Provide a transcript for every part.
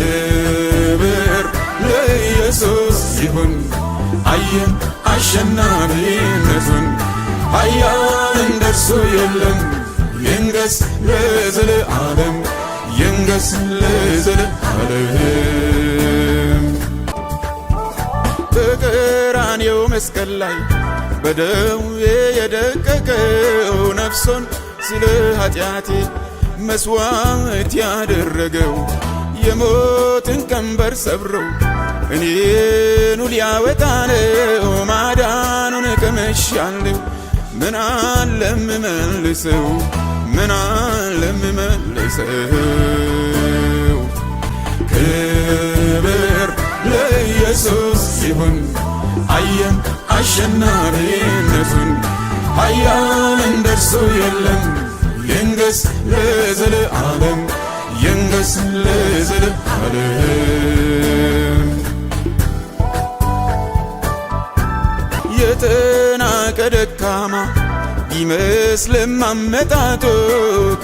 ክብር ለኢየሱስ ይሁን። አየን አሸናፊነቱን ኃያል እንደርሱ የለም። ይንገስ ለዘለዓለም ይንገስ ለዘለዓለም። በቀራንዮው መስቀል ላይ በደዌ የደቀቀው ነፍሶን ስለ ኃጢአቴ መስዋዕት ያደረገው የሞትን ቀንበር ሰብረው እኔኑ ሊያወጣ ነው ማዳኑን ቀምሻለሁ። ምን አለ ምመልሰው ምን አለ ምመልሰው። ክብር ለኢየሱስ ይሁን። አየን አሸናፊነቱን ኃያል እንደርሱ የለም። ለዘለ ዓለም የተናቀ ደካማ ቢመስልም አመጣጡ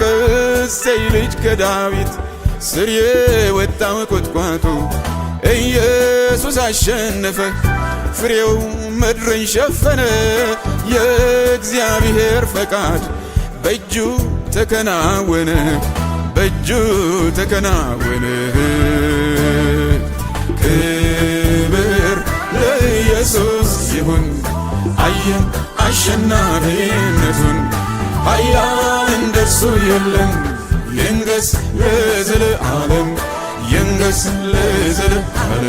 ከእሴይ ልጅ ከዳዊት ስር የወጣው ቁጥቋጦ ኢየሱስ አሸነፈ ፍሬው ምድርን ሸፈነ የእግዚአብሔር ፈቃድ በእጁ ተከናወነ። በእጁ ተከናወነ። ክብር ለኢየሱስ ይሁን፣ አየን አሸናፊነቱን። ኃያል እንደርሱ የለም። ይንገስ ለዘለዓለም፣ ይንገስ ለዘለዓለም።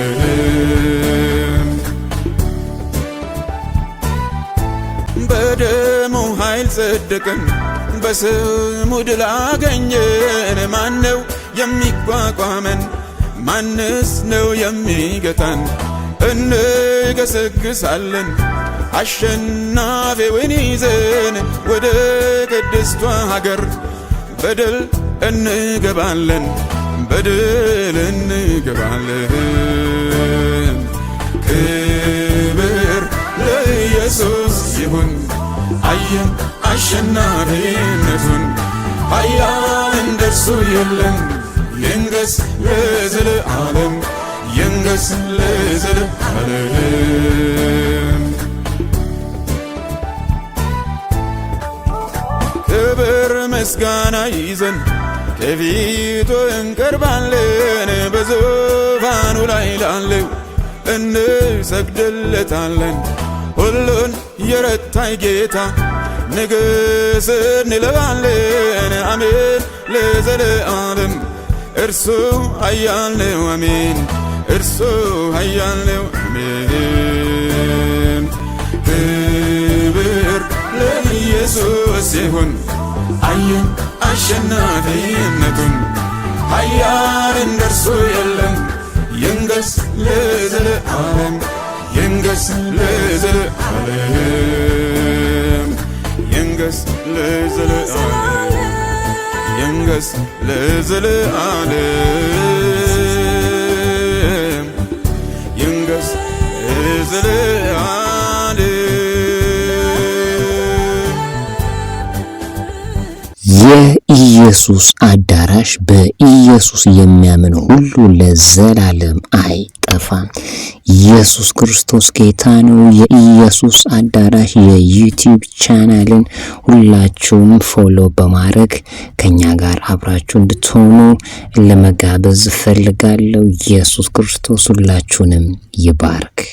በደሙ ኃይል ጸደቀን በስሙ ድል አገኘን። ማነው የሚቋቋመን? ማንስ ነው የሚገታን? እንገሰግሳለን አሸናፊውን ይዘን ወደ ቅድስቷ ሀገር በድል እንገባለን፣ በድል እንገባለን። ክብር ለኢየሱስ ይሁን። አየን አሸናፊ ኃያል እንደሱ የለም። ይንገስ ለዘለዓለም ይንገስ ለዘለዓለም። ክብር ምስጋና ይዘን ከፊቱ እንቀርባለን። በዙፋኑ ላይ ላለው እንሰግድለታለን። ሁሉን የረታይ ጌታ ንግሥ እንለዋለን። ለዘለዓለም እርሱ ኃያል አሜን እርሱ ኃያል አሜን ክብር ለኢየሱስ ይሁን አየን አሸናፊነቱን ኃያል እንደርሱ የለም ይንገስ ለዘለዓለም ይንገስ ለዘለዓለም ينقص لزلقة ንገስ ለዘለዓለም ይንገስ ኢየሱስ አዳራሽ በኢየሱስ የሚያምን ሁሉ ለዘላለም አይጠፋም። ኢየሱስ ክርስቶስ ጌታ ነው። የኢየሱስ አዳራሽ የዩቲዩብ ቻናልን ሁላችሁም ፎሎ በማድረግ ከኛ ጋር አብራችሁ እንድትሆኑ ለመጋበዝ እፈልጋለሁ። ኢየሱስ ክርስቶስ ሁላችሁንም ይባርክ።